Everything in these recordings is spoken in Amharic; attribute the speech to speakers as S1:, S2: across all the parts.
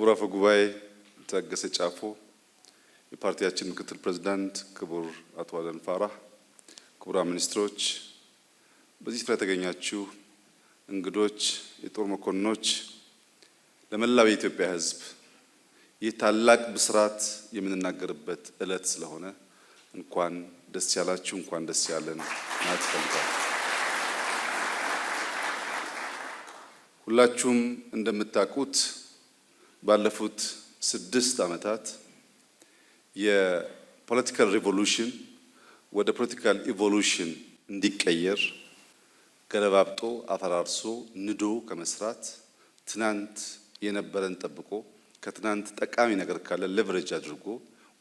S1: ክቡር አፈ ጉባኤ ታገሰ ጫፎ፣ የፓርቲያችን ምክትል ፕሬዚዳንት ክቡር አቶ አደም ፋራህ፣ ክቡራ ሚኒስትሮች፣ በዚህ ስፍራ የተገኛችሁ እንግዶች፣ የጦር መኮንኖች፣ ለመላው የኢትዮጵያ ሕዝብ ይህ ታላቅ ብስራት የምንናገርበት እለት ስለሆነ እንኳን ደስ ያላችሁ፣ እንኳን ደስ ያለን ማለት ሁላችሁም እንደምታውቁት ባለፉት ስድስት ዓመታት የፖለቲካል ሪቮሉሽን ወደ ፖለቲካል ኢቮሉሽን እንዲቀየር ገለባብጦ አፈራርሶ ንዶ ከመስራት ትናንት የነበረን ጠብቆ ከትናንት ጠቃሚ ነገር ካለ ሌቨሬጅ አድርጎ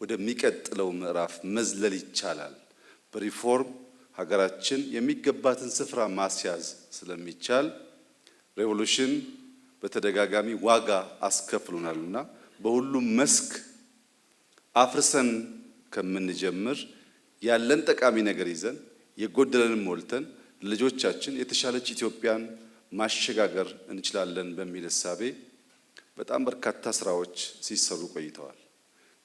S1: ወደሚቀጥለው ምዕራፍ መዝለል ይቻላል። በሪፎርም ሀገራችን የሚገባትን ስፍራ ማስያዝ ስለሚቻል ሬቮሉሽን በተደጋጋሚ ዋጋ አስከፍሉናል እና በሁሉም መስክ አፍርሰን ከምንጀምር ያለን ጠቃሚ ነገር ይዘን የጎደለንም ሞልተን ልጆቻችን የተሻለች ኢትዮጵያን ማሸጋገር እንችላለን በሚል እሳቤ በጣም በርካታ ስራዎች ሲሰሩ ቆይተዋል።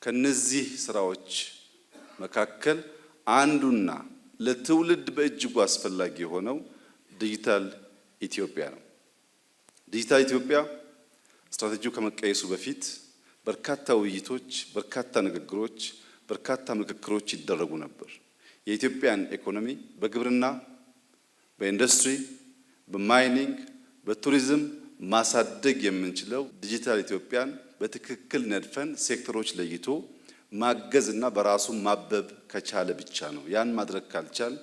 S1: ከነዚህ ስራዎች መካከል አንዱና ለትውልድ በእጅጉ አስፈላጊ የሆነው ዲጂታል ኢትዮጵያ ነው። ዲጂታል ኢትዮጵያ ስትራቴጂው ከመቀየሱ በፊት በርካታ ውይይቶች፣ በርካታ ንግግሮች፣ በርካታ ምክክሮች ይደረጉ ነበር። የኢትዮጵያን ኢኮኖሚ በግብርና፣ በኢንዱስትሪ፣ በማይኒንግ፣ በቱሪዝም ማሳደግ የምንችለው ዲጂታል ኢትዮጵያን በትክክል ነድፈን ሴክተሮች ለይቶ ማገዝ እና በራሱ ማበብ ከቻለ ብቻ ነው። ያን ማድረግ ካልቻል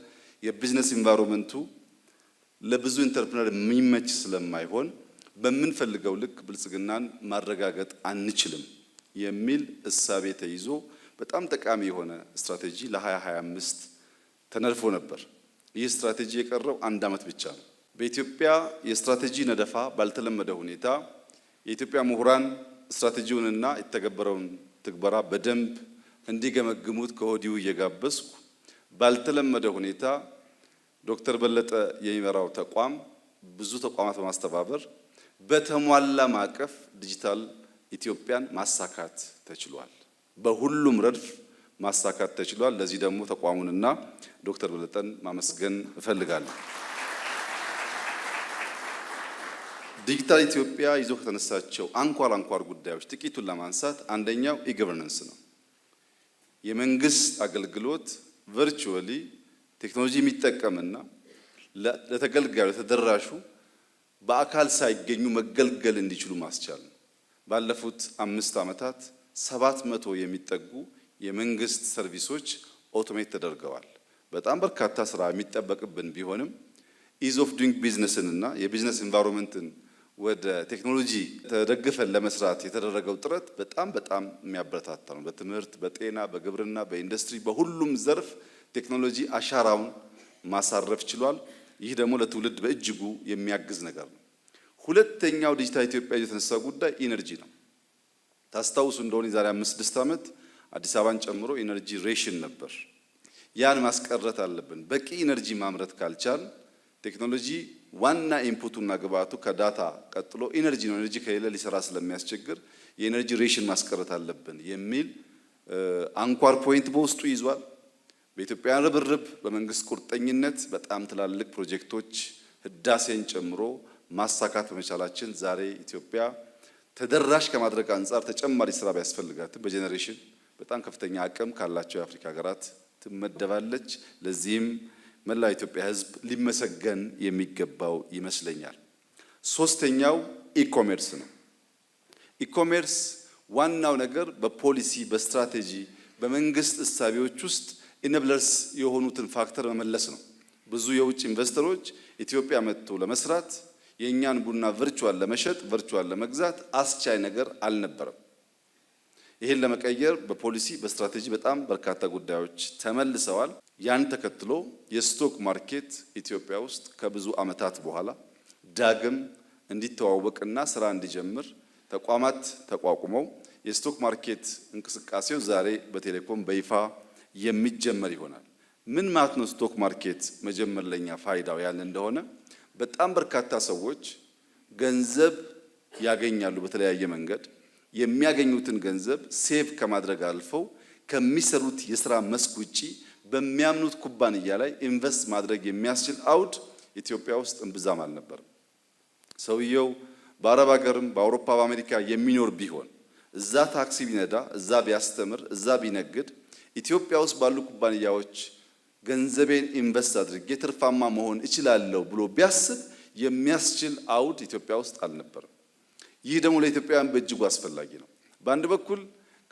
S1: የቢዝነስ ኢንቫይሮንመንቱ ለብዙ ኢንተርፕረነር የሚመች ስለማይሆን በምንፈልገው ልክ ብልጽግናን ማረጋገጥ አንችልም የሚል እሳቤ ተይዞ በጣም ጠቃሚ የሆነ ስትራቴጂ ለ2025 ተነድፎ ነበር። ይህ ስትራቴጂ የቀረው አንድ ዓመት ብቻ ነው። በኢትዮጵያ የስትራቴጂ ነደፋ ባልተለመደ ሁኔታ የኢትዮጵያ ምሁራን ስትራቴጂውንና የተገበረውን ትግበራ በደንብ እንዲገመግሙት ከወዲሁ እየጋበዝኩ ባልተለመደ ሁኔታ ዶክተር በለጠ የሚመራው ተቋም ብዙ ተቋማት በማስተባበር በተሟላ ማዕቀፍ ዲጂታል ኢትዮጵያን ማሳካት ተችሏል። በሁሉም ረድፍ ማሳካት ተችሏል። ለዚህ ደግሞ ተቋሙንና ዶክተር በለጠን ማመስገን እፈልጋለሁ። ዲጂታል ኢትዮጵያ ይዞ ከተነሳቸው አንኳር አንኳር ጉዳዮች ጥቂቱን ለማንሳት አንደኛው ኢገቨርነንስ ነው። የመንግስት አገልግሎት ቨርቹዋሊ ቴክኖሎጂ የሚጠቀምና ለተገልጋዩ ለተደራሹ በአካል ሳይገኙ መገልገል እንዲችሉ ማስቻል ነው። ባለፉት አምስት ዓመታት ሰባት መቶ የሚጠጉ የመንግስት ሰርቪሶች ኦቶሜት ተደርገዋል። በጣም በርካታ ስራ የሚጠበቅብን ቢሆንም ኢዝ ኦፍ ዱንግ ቢዝነስን እና የቢዝነስ ኢንቫይሮንመንትን ወደ ቴክኖሎጂ ተደግፈን ለመስራት የተደረገው ጥረት በጣም በጣም የሚያበረታታ ነው። በትምህርት፣ በጤና፣ በግብርና፣ በኢንዱስትሪ በሁሉም ዘርፍ ቴክኖሎጂ አሻራውን ማሳረፍ ችሏል። ይህ ደግሞ ለትውልድ በእጅጉ የሚያግዝ ነገር ነው። ሁለተኛው ዲጂታል ኢትዮጵያ የተነሳ ጉዳይ ኢነርጂ ነው። ታስታውሱ እንደሆነ የዛሬ አምስት ስድስት ዓመት አዲስ አበባን ጨምሮ ኢነርጂ ሬሽን ነበር። ያን ማስቀረት አለብን። በቂ ኢነርጂ ማምረት ካልቻል ቴክኖሎጂ ዋና ኢንፑቱና ግብአቱ ከዳታ ቀጥሎ ኢነርጂ ነው። ኢነርጂ ከሌለ ሊሰራ ስለሚያስቸግር የኢነርጂ ሬሽን ማስቀረት አለብን የሚል አንኳር ፖይንት በውስጡ ይዟል። በኢትዮጵያ ርብርብ በመንግስት ቁርጠኝነት በጣም ትላልቅ ፕሮጀክቶች ህዳሴን ጨምሮ ማሳካት በመቻላችን ዛሬ ኢትዮጵያ ተደራሽ ከማድረግ አንጻር ተጨማሪ ስራ ቢያስፈልጋትም በጄኔሬሽን በጣም ከፍተኛ አቅም ካላቸው የአፍሪካ ሀገራት ትመደባለች። ለዚህም መላው ኢትዮጵያ ህዝብ ሊመሰገን የሚገባው ይመስለኛል። ሶስተኛው ኢኮሜርስ ነው። ኢኮሜርስ ዋናው ነገር በፖሊሲ በስትራቴጂ በመንግስት እሳቤዎች ውስጥ ኢነብለርስ የሆኑትን ፋክተር መመለስ ነው። ብዙ የውጭ ኢንቨስተሮች ኢትዮጵያ መጥቶ ለመስራት የእኛን ቡና ቨርቹዋል ለመሸጥ ቨርቹዋል ለመግዛት አስቻይ ነገር አልነበረም። ይህን ለመቀየር በፖሊሲ በስትራቴጂ በጣም በርካታ ጉዳዮች ተመልሰዋል። ያን ተከትሎ የስቶክ ማርኬት ኢትዮጵያ ውስጥ ከብዙ ዓመታት በኋላ ዳግም እንዲተዋወቅና ስራ እንዲጀምር ተቋማት ተቋቁመው የስቶክ ማርኬት እንቅስቃሴው ዛሬ በቴሌኮም በይፋ የሚጀመር ይሆናል። ምን ማለት ነው? ስቶክ ማርኬት መጀመር ለኛ ፋይዳው ያለ እንደሆነ በጣም በርካታ ሰዎች ገንዘብ ያገኛሉ በተለያየ መንገድ። የሚያገኙትን ገንዘብ ሴቭ ከማድረግ አልፈው ከሚሰሩት የስራ መስክ ውጪ በሚያምኑት ኩባንያ ላይ ኢንቨስት ማድረግ የሚያስችል አውድ ኢትዮጵያ ውስጥ እምብዛም አልነበርም። ሰውየው በአረብ ሀገርም በአውሮፓ በአሜሪካ የሚኖር ቢሆን እዛ ታክሲ ቢነዳ፣ እዛ ቢያስተምር፣ እዛ ቢነግድ ኢትዮጵያ ውስጥ ባሉ ኩባንያዎች ገንዘቤን ኢንቨስት አድርጌ ትርፋማ መሆን እችላለሁ ብሎ ቢያስብ የሚያስችል አውድ ኢትዮጵያ ውስጥ አልነበርም። ይህ ደግሞ ለኢትዮጵያውያን በእጅጉ አስፈላጊ ነው። በአንድ በኩል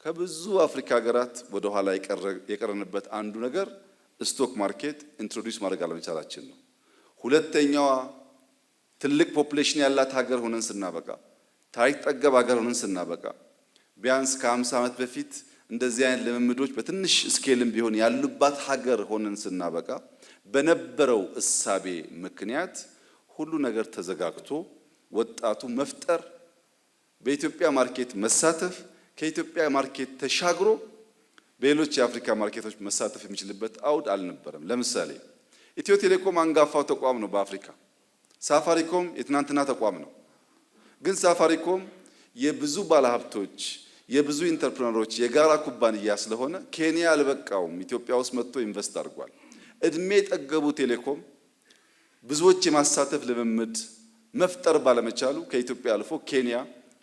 S1: ከብዙ አፍሪካ ሀገራት ወደ ኋላ የቀረንበት አንዱ ነገር ስቶክ ማርኬት ኢንትሮዲውስ ማድረግ አለመቻላችን ነው። ሁለተኛዋ ትልቅ ፖፕሌሽን ያላት ሀገር ሆነን ስናበቃ፣ ታሪክ ጠገብ ሀገር ሆነን ስናበቃ ቢያንስ ከ50 ዓመት በፊት እንደዚህ አይነት ልምምዶች በትንሽ ስኬልም ቢሆን ያሉባት ሀገር ሆነን ስናበቃ በነበረው እሳቤ ምክንያት ሁሉ ነገር ተዘጋግቶ ወጣቱ መፍጠር በኢትዮጵያ ማርኬት መሳተፍ ከኢትዮጵያ ማርኬት ተሻግሮ በሌሎች የአፍሪካ ማርኬቶች መሳተፍ የሚችልበት አውድ አልነበረም። ለምሳሌ ኢትዮ ቴሌኮም አንጋፋው ተቋም ነው በአፍሪካ። ሳፋሪኮም የትናንትና ተቋም ነው። ግን ሳፋሪኮም የብዙ ባለሀብቶች የብዙ ኢንተርፕረነሮች የጋራ ኩባንያ ስለሆነ ኬንያ አልበቃውም፣ ኢትዮጵያ ውስጥ መጥቶ ኢንቨስት አድርጓል። እድሜ ጠገቡ ቴሌኮም ብዙዎች የማሳተፍ ልምምድ መፍጠር ባለመቻሉ ከኢትዮጵያ አልፎ ኬንያ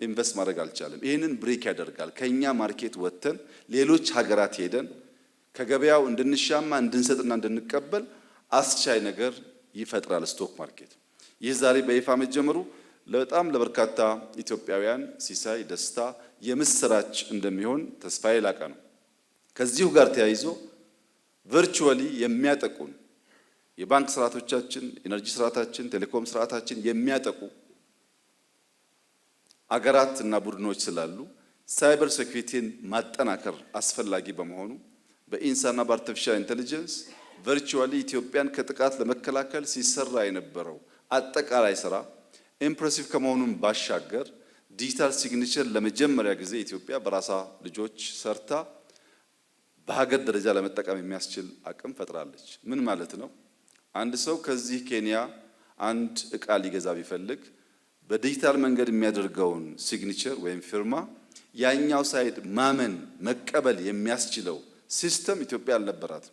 S1: ኢንቨስት ማድረግ አልቻለም። ይህንን ብሬክ ያደርጋል። ከእኛ ማርኬት ወጥተን ሌሎች ሀገራት ሄደን ከገበያው እንድንሻማ እንድንሰጥና እንድንቀበል አስቻይ ነገር ይፈጥራል ስቶክ ማርኬት። ይህ ዛሬ በይፋ መጀመሩ ለበጣም ለበርካታ ኢትዮጵያውያን ሲሳይ ደስታ የምስራች እንደሚሆን ተስፋ የላቀ ነው። ከዚሁ ጋር ተያይዞ ቨርቹዋሊ የሚያጠቁን የባንክ ስርዓቶቻችን፣ ኢነርጂ ስርዓታችን፣ ቴሌኮም ስርዓታችን የሚያጠቁ አገራት እና ቡድኖች ስላሉ ሳይበር ሴኩሪቲን ማጠናከር አስፈላጊ በመሆኑ በኢንሳና በአርቲፊሻል ኢንቴሊጀንስ ቨርቹዋሊ ኢትዮጵያን ከጥቃት ለመከላከል ሲሰራ የነበረው አጠቃላይ ስራ ኢምፕሬሲቭ ከመሆኑም ባሻገር ዲጂታል ሲግኒቸር ለመጀመሪያ ጊዜ ኢትዮጵያ በራሳ ልጆች ሰርታ በሀገር ደረጃ ለመጠቀም የሚያስችል አቅም ፈጥራለች። ምን ማለት ነው? አንድ ሰው ከዚህ ኬንያ አንድ እቃ ሊገዛ ቢፈልግ በዲጂታል መንገድ የሚያደርገውን ሲግኒቸር ወይም ፊርማ ያኛው ሳይድ ማመን መቀበል የሚያስችለው ሲስተም ኢትዮጵያ አልነበራት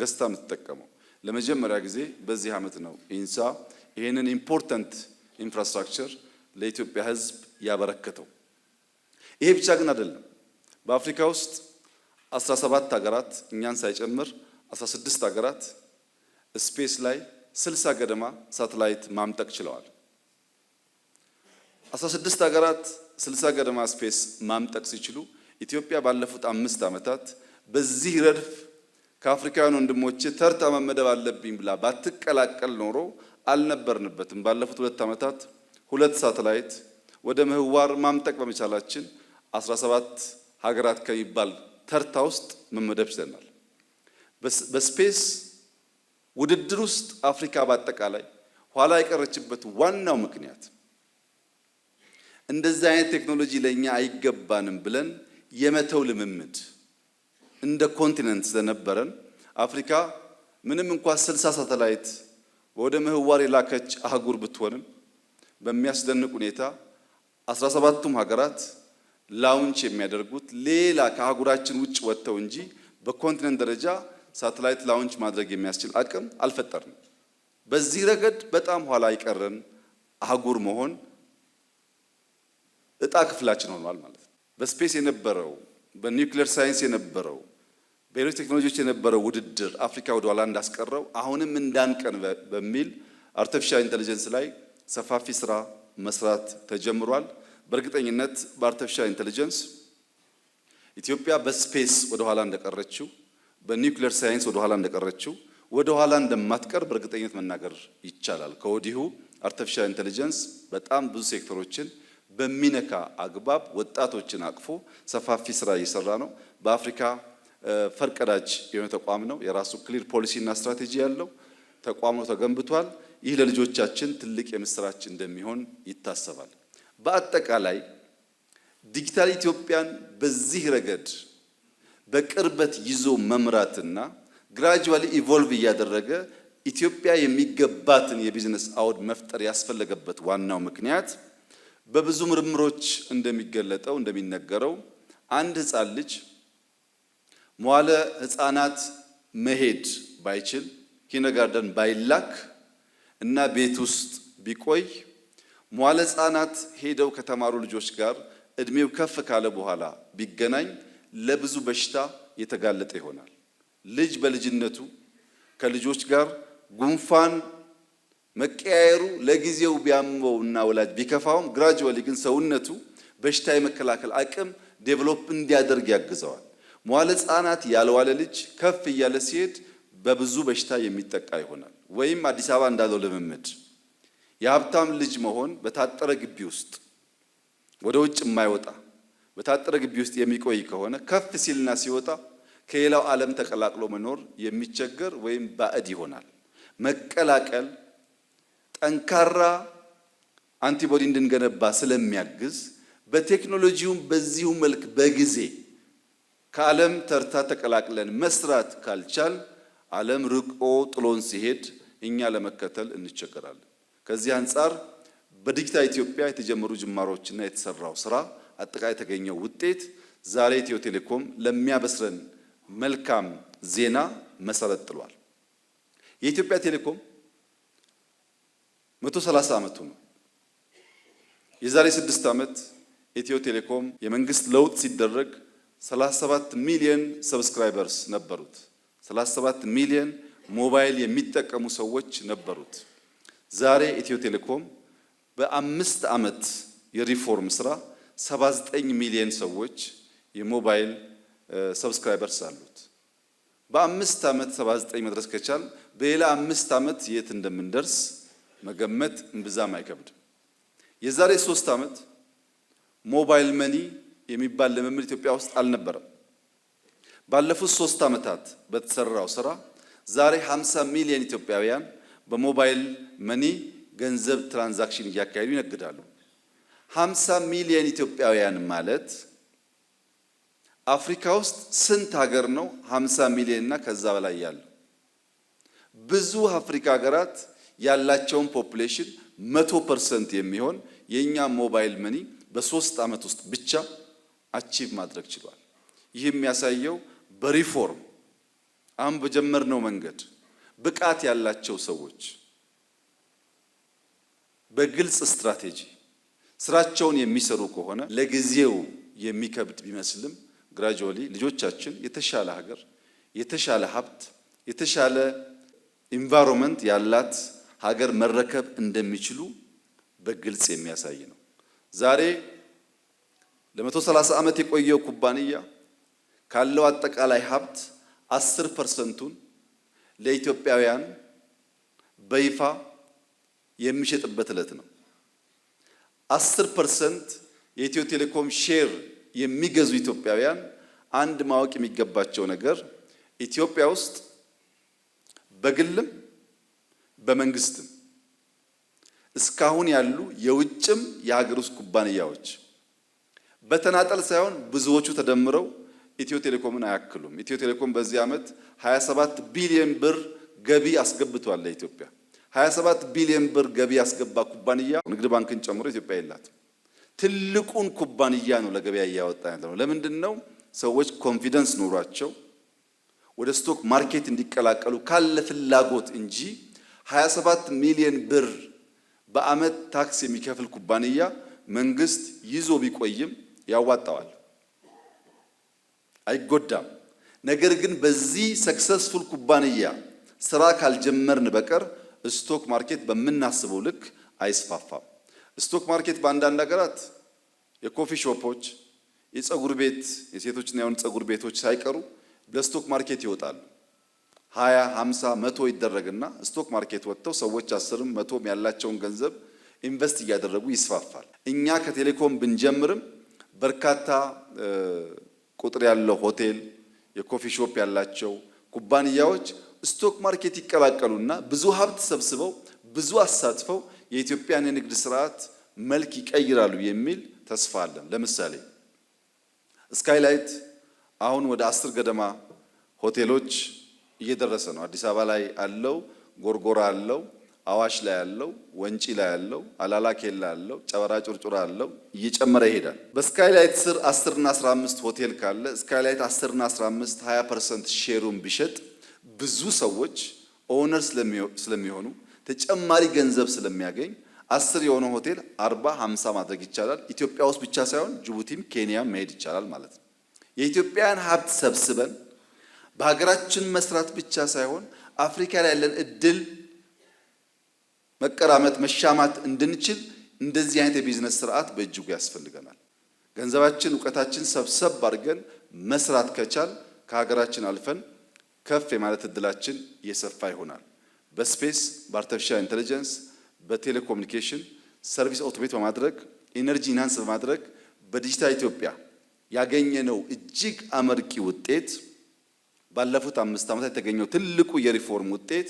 S1: ገዝታ የምትጠቀመው ለመጀመሪያ ጊዜ በዚህ ዓመት ነው ኢንሳ ይህንን ኢምፖርታንት ኢንፍራስትራክቸር ለኢትዮጵያ ሕዝብ ያበረከተው። ይሄ ብቻ ግን አይደለም። በአፍሪካ ውስጥ 17 ሀገራት እኛን ሳይጨምር 16 ሀገራት ስፔስ ላይ 60 ገደማ ሳተላይት ማምጠቅ ችለዋል። 16 ሀገራት 60 ገደማ ስፔስ ማምጠቅ ሲችሉ ኢትዮጵያ ባለፉት አምስት ዓመታት በዚህ ረድፍ ከአፍሪካውያን ወንድሞቼ ተርታ መመደብ አለብኝ ብላ ባትቀላቀል ኖሮ አልነበርንበትም። ባለፉት ሁለት ዓመታት ሁለት ሳተላይት ወደ ምህዋር ማምጠቅ በመቻላችን 17 ሀገራት ከሚባል ተርታ ውስጥ መመደብ ችለናል። በስፔስ ውድድር ውስጥ አፍሪካ በአጠቃላይ ኋላ የቀረችበት ዋናው ምክንያት እንደዚህ አይነት ቴክኖሎጂ ለእኛ አይገባንም ብለን የመተው ልምምድ እንደ ኮንቲነንት ስለነበረን አፍሪካ ምንም እንኳ ስልሳ ሳተላይት ወደ ምህዋር የላከች አህጉር ብትሆንም በሚያስደንቅ ሁኔታ አስራ ሰባቱም ሀገራት ላውንች የሚያደርጉት ሌላ ከአህጉራችን ውጭ ወጥተው እንጂ በኮንቲነንት ደረጃ ሳተላይት ላውንች ማድረግ የሚያስችል አቅም አልፈጠርንም። በዚህ ረገድ በጣም ኋላ ይቀርን አህጉር መሆን እጣ ክፍላችን ሆኗል ማለት ነው። በስፔስ የነበረው በኒውክሌር ሳይንስ የነበረው በሌሎች ቴክኖሎጂዎች የነበረው ውድድር አፍሪካ ወደ ኋላ እንዳስቀረው አሁንም እንዳንቀን በሚል አርቲፊሻል ኢንቴሊጀንስ ላይ ሰፋፊ ስራ መስራት ተጀምሯል። በእርግጠኝነት በአርቲፊሻል ኢንቴሊጀንስ ኢትዮጵያ በስፔስ ወደኋላ እንደቀረችው፣ በኒውክሌር ሳይንስ ወደኋላ እንደቀረችው ወደኋላ እንደማትቀር በእርግጠኝነት መናገር ይቻላል። ከወዲሁ አርቲፊሻል ኢንቴሊጀንስ በጣም ብዙ ሴክተሮችን በሚነካ አግባብ ወጣቶችን አቅፎ ሰፋፊ ስራ እየሰራ ነው። በአፍሪካ ፈርቀዳጅ የሆነ ተቋም ነው። የራሱ ክሊር ፖሊሲ እና ስትራቴጂ ያለው ተቋሙ ተገንብቷል። ይህ ለልጆቻችን ትልቅ የምስራች እንደሚሆን ይታሰባል። በአጠቃላይ ዲጂታል ኢትዮጵያን በዚህ ረገድ በቅርበት ይዞ መምራትና ግራጁዋሊ ኢቮልቭ እያደረገ ኢትዮጵያ የሚገባትን የቢዝነስ አውድ መፍጠር ያስፈለገበት ዋናው ምክንያት በብዙ ምርምሮች እንደሚገለጠው እንደሚነገረው አንድ ሕፃን ልጅ መዋለ ሕፃናት መሄድ ባይችል ኪንደርጋርደን ባይላክ እና ቤት ውስጥ ቢቆይ መዋለ ሄደው ከተማሩ ልጆች ጋር እድሜው ከፍ ካለ በኋላ ቢገናኝ ለብዙ በሽታ የተጋለጠ ይሆናል። ልጅ በልጅነቱ ከልጆች ጋር ጉንፋን መቀያየሩ ለጊዜው ቢያምበው እና ወላጅ ቢከፋውም ግራጁዋሊ ግን ሰውነቱ በሽታ የመከላከል አቅም ዴቨሎፕ እንዲያደርግ ያግዘዋል። መዋለ ሕፃናት ያልዋለ ልጅ ከፍ እያለ ሲሄድ በብዙ በሽታ የሚጠቃ ይሆናል። ወይም አዲስ አበባ እንዳለው ልምምድ የሀብታም ልጅ መሆን በታጠረ ግቢ ውስጥ ወደ ውጭ የማይወጣ በታጠረ ግቢ ውስጥ የሚቆይ ከሆነ ከፍ ሲልና ሲወጣ ከሌላው ዓለም ተቀላቅሎ መኖር የሚቸገር ወይም ባዕድ ይሆናል። መቀላቀል ጠንካራ አንቲቦዲ እንድንገነባ ስለሚያግዝ በቴክኖሎጂውም በዚሁ መልክ በጊዜ ከዓለም ተርታ ተቀላቅለን መስራት ካልቻል ዓለም ርቆ ጥሎን ሲሄድ እኛ ለመከተል እንቸገራለን። ከዚህ አንጻር በዲጂታል ኢትዮጵያ የተጀመሩ ጅማሮችና የተሰራው ስራ አጠቃላይ የተገኘው ውጤት ዛሬ ኢትዮ ቴሌኮም ለሚያበስረን መልካም ዜና መሰረት ጥሏል። የኢትዮጵያ ቴሌኮም 130 ዓመቱ ነው። የዛሬ 6 ዓመት ኢትዮ ቴሌኮም የመንግስት ለውጥ ሲደረግ 37 ሚሊዮን ሰብስክራይበርስ ነበሩት። 37 ሚሊዮን ሞባይል የሚጠቀሙ ሰዎች ነበሩት። ዛሬ ኢትዮ ቴሌኮም በአምስት ዓመት የሪፎርም ስራ 79 ሚሊዮን ሰዎች የሞባይል ሰብስክራይበርስ አሉት። በአምስት ዓመት 79 መድረስ ከቻል በሌላ አምስት ዓመት የት እንደምንደርስ መገመት እምብዛም አይከብድም። የዛሬ ሶስት ዓመት ሞባይል መኒ የሚባል ልምምድ ኢትዮጵያ ውስጥ አልነበረም። ባለፉት ሶስት ዓመታት በተሰራው ስራ ዛሬ 50 ሚሊዮን ኢትዮጵያውያን በሞባይል መኒ ገንዘብ ትራንዛክሽን እያካሄዱ ይነግዳሉ። 50 ሚሊዮን ኢትዮጵያውያን ማለት አፍሪካ ውስጥ ስንት ሀገር ነው 50 ሚሊዮን እና ከዛ በላይ ያለው? ብዙ አፍሪካ ሀገራት ያላቸውን ፖፑሌሽን መቶ ፐርሰንት የሚሆን የእኛ ሞባይል መኒ በሶስት ዓመት ውስጥ ብቻ አቺቭ ማድረግ ችሏል። ይህም የሚያሳየው በሪፎርም አሁን በጀመርነው መንገድ ብቃት ያላቸው ሰዎች በግልጽ ስትራቴጂ ስራቸውን የሚሰሩ ከሆነ ለጊዜው የሚከብድ ቢመስልም ግራጁዋሊ ልጆቻችን የተሻለ ሀገር፣ የተሻለ ሀብት፣ የተሻለ ኢንቫይሮንመንት ያላት ሀገር መረከብ እንደሚችሉ በግልጽ የሚያሳይ ነው። ዛሬ ለመቶ 130 ዓመት የቆየው ኩባንያ ካለው አጠቃላይ ሀብት አስር ፐርሰንቱን ለኢትዮጵያውያን በይፋ የሚሸጥበት ዕለት ነው። አስር ፐርሰንት የኢትዮ ቴሌኮም ሼር የሚገዙ ኢትዮጵያውያን አንድ ማወቅ የሚገባቸው ነገር ኢትዮጵያ ውስጥ በግልም በመንግስትም እስካሁን ያሉ የውጭም የሀገር ውስጥ ኩባንያዎች በተናጠል ሳይሆን ብዙዎቹ ተደምረው ኢትዮ ቴሌኮምን አያክሉም። ኢትዮ ቴሌኮም በዚህ ዓመት 27 ቢሊዮን ብር ገቢ አስገብቷል ለኢትዮጵያ። 27 ቢሊዮን ብር ገቢ ያስገባ ኩባንያ ንግድ ባንክን ጨምሮ ኢትዮጵያ የላትም። ትልቁን ኩባንያ ነው ለገበያ እያወጣ ያለ ነው። ለምንድን ነው ሰዎች ኮንፊደንስ ኖሯቸው ወደ ስቶክ ማርኬት እንዲቀላቀሉ ካለ ፍላጎት እንጂ 27 ሚሊዮን ብር በዓመት ታክስ የሚከፍል ኩባንያ መንግስት ይዞ ቢቆይም ያዋጣዋል። አይጎዳም። ነገር ግን በዚህ ሰክሰስፉል ኩባንያ ስራ ካልጀመርን በቀር ስቶክ ማርኬት በምናስበው ልክ አይስፋፋም። ስቶክ ማርኬት በአንዳንድ ሀገራት የኮፊ ሾፖች፣ የፀጉር ቤት የሴቶችና የወንድ ፀጉር ቤቶች ሳይቀሩ ለስቶክ ማርኬት ይወጣሉ። ሀያ ሀምሳ መቶ ይደረግና ስቶክ ማርኬት ወጥተው ሰዎች አስርም መቶም ያላቸውን ገንዘብ ኢንቨስት እያደረጉ ይስፋፋል። እኛ ከቴሌኮም ብንጀምርም በርካታ ቁጥር ያለው ሆቴል፣ የኮፊ ሾፕ ያላቸው ኩባንያዎች ስቶክ ማርኬት ይቀላቀሉና ብዙ ሀብት ሰብስበው ብዙ አሳትፈው የኢትዮጵያን የንግድ ስርዓት መልክ ይቀይራሉ የሚል ተስፋ አለን። ለምሳሌ ስካይላይት አሁን ወደ አስር ገደማ ሆቴሎች እየደረሰ ነው። አዲስ አበባ ላይ አለው፣ ጎርጎራ አለው። አዋሽ ላይ ያለው ወንጪ ላይ ያለው አላላኬላ ኬላ ያለው ጨበራ ጩርጩር ያለው እየጨመረ ይሄዳል። በስካይላይት ስር 10 እና 15 ሆቴል ካለ ስካይላይት 10 እና 15 20% ሼሩን ቢሸጥ ብዙ ሰዎች ኦነር ስለሚሆኑ ተጨማሪ ገንዘብ ስለሚያገኝ አስር የሆነ ሆቴል 40 50 ማድረግ ይቻላል። ኢትዮጵያ ውስጥ ብቻ ሳይሆን ጅቡቲም ኬንያም መሄድ ይቻላል ማለት ነው። የኢትዮጵያን ሀብት ሰብስበን በሀገራችን መስራት ብቻ ሳይሆን አፍሪካ ላይ ያለን እድል መቀራመጥ፣ መሻማት እንድንችል እንደዚህ አይነት የቢዝነስ ስርዓት በእጅጉ ያስፈልገናል። ገንዘባችን፣ እውቀታችን ሰብሰብ አድርገን መስራት ከቻል ከሀገራችን አልፈን ከፍ የማለት እድላችን እየሰፋ ይሆናል። በስፔስ በአርቲፊሻል ኢንቴሊጀንስ በቴሌኮሙኒኬሽን ሰርቪስ ኦቶሜት በማድረግ ኢነርጂ ኢንሃንስ በማድረግ በዲጂታል ኢትዮጵያ ያገኘነው እጅግ አመርቂ ውጤት ባለፉት አምስት ዓመታት የተገኘው ትልቁ የሪፎርም ውጤት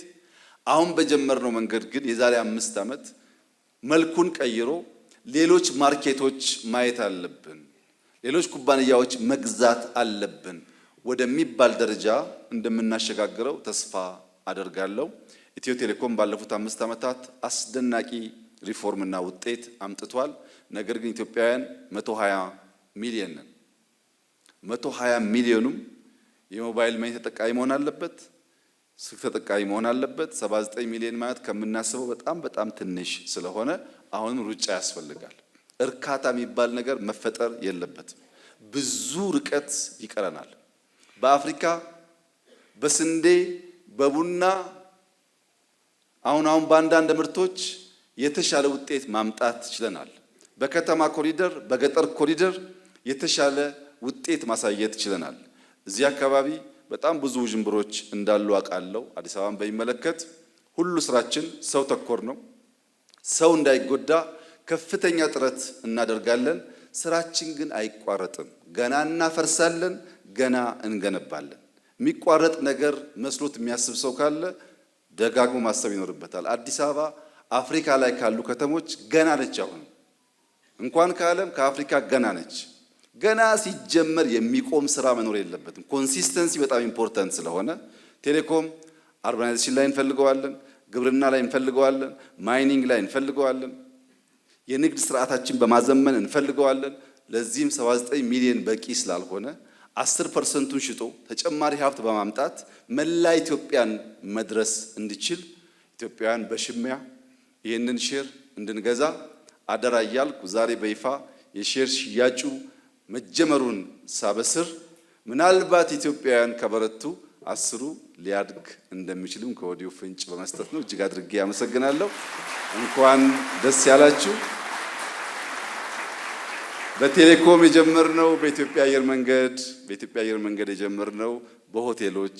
S1: አሁን በጀመርነው መንገድ ግን የዛሬ አምስት ዓመት መልኩን ቀይሮ ሌሎች ማርኬቶች ማየት አለብን፣ ሌሎች ኩባንያዎች መግዛት አለብን ወደሚባል ደረጃ እንደምናሸጋግረው ተስፋ አደርጋለሁ። ኢትዮ ቴሌኮም ባለፉት አምስት ዓመታት አስደናቂ ሪፎርምና ውጤት አምጥቷል። ነገር ግን ኢትዮጵያውያን 120 ሚሊዮን ነን። 120 ሚሊዮኑም የሞባይል መኝ ተጠቃሚ መሆን አለበት። ስልክ ተጠቃሚ መሆን አለበት። 79 ሚሊዮን ማለት ከምናስበው በጣም በጣም ትንሽ ስለሆነ አሁንም ሩጫ ያስፈልጋል። እርካታ የሚባል ነገር መፈጠር የለበትም። ብዙ ርቀት ይቀረናል። በአፍሪካ በስንዴ በቡና አሁን አሁን በአንዳንድ ምርቶች የተሻለ ውጤት ማምጣት ችለናል። በከተማ ኮሪደር፣ በገጠር ኮሪደር የተሻለ ውጤት ማሳየት ችለናል። እዚህ አካባቢ በጣም ብዙ ውዥንብሮች እንዳሉ አውቃለሁ። አዲስ አበባን በሚመለከት ሁሉ ስራችን ሰው ተኮር ነው። ሰው እንዳይጎዳ ከፍተኛ ጥረት እናደርጋለን። ስራችን ግን አይቋረጥም። ገና እናፈርሳለን፣ ገና እንገነባለን። የሚቋረጥ ነገር መስሎት የሚያስብ ሰው ካለ ደጋግሞ ማሰብ ይኖርበታል። አዲስ አበባ አፍሪካ ላይ ካሉ ከተሞች ገና ነች። አሁን እንኳን ከዓለም ከአፍሪካ ገና ነች። ገና ሲጀመር የሚቆም ስራ መኖር የለበትም። ኮንሲስተንሲ በጣም ኢምፖርታንት ስለሆነ ቴሌኮም አርባናይዜሽን ላይ እንፈልገዋለን፣ ግብርና ላይ እንፈልገዋለን፣ ማይኒንግ ላይ እንፈልገዋለን፣ የንግድ ስርዓታችን በማዘመን እንፈልገዋለን። ለዚህም 79 ሚሊዮን በቂ ስላልሆነ 10 ፐርሰንቱን ሽጦ ተጨማሪ ሀብት በማምጣት መላ ኢትዮጵያን መድረስ እንዲችል ኢትዮጵያውያን በሽሚያ ይህንን ሼር እንድንገዛ አደራ እያልኩ ዛሬ በይፋ የሼር ሽያጩ መጀመሩን ሳበስር ምናልባት ኢትዮጵያውያን ከበረቱ አስሩ ሊያድግ እንደሚችልም ከወዲሁ ፍንጭ በመስጠት ነው። እጅግ አድርጌ አመሰግናለሁ። እንኳን ደስ ያላችሁ። በቴሌኮም የጀመርነው በኢትዮጵያ አየር መንገድ በኢትዮጵያ አየር መንገድ የጀመርነው በሆቴሎች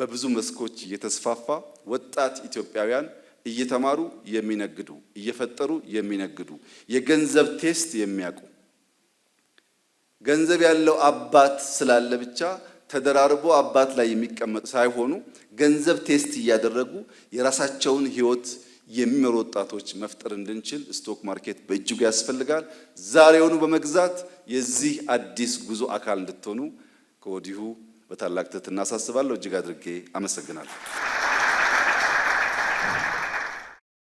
S1: በብዙ መስኮች እየተስፋፋ ወጣት ኢትዮጵያውያን እየተማሩ የሚነግዱ እየፈጠሩ የሚነግዱ የገንዘብ ቴስት የሚያውቁ ገንዘብ ያለው አባት ስላለ ብቻ ተደራርቦ አባት ላይ የሚቀመጥ ሳይሆኑ ገንዘብ ቴስት እያደረጉ የራሳቸውን ህይወት የሚመሩ ወጣቶች መፍጠር እንድንችል ስቶክ ማርኬት በእጅጉ ያስፈልጋል። ዛሬውኑ በመግዛት የዚህ አዲስ ጉዞ አካል እንድትሆኑ ከወዲሁ በታላቅ ትህትና አሳስባለሁ። እጅግ አድርጌ አመሰግናለሁ።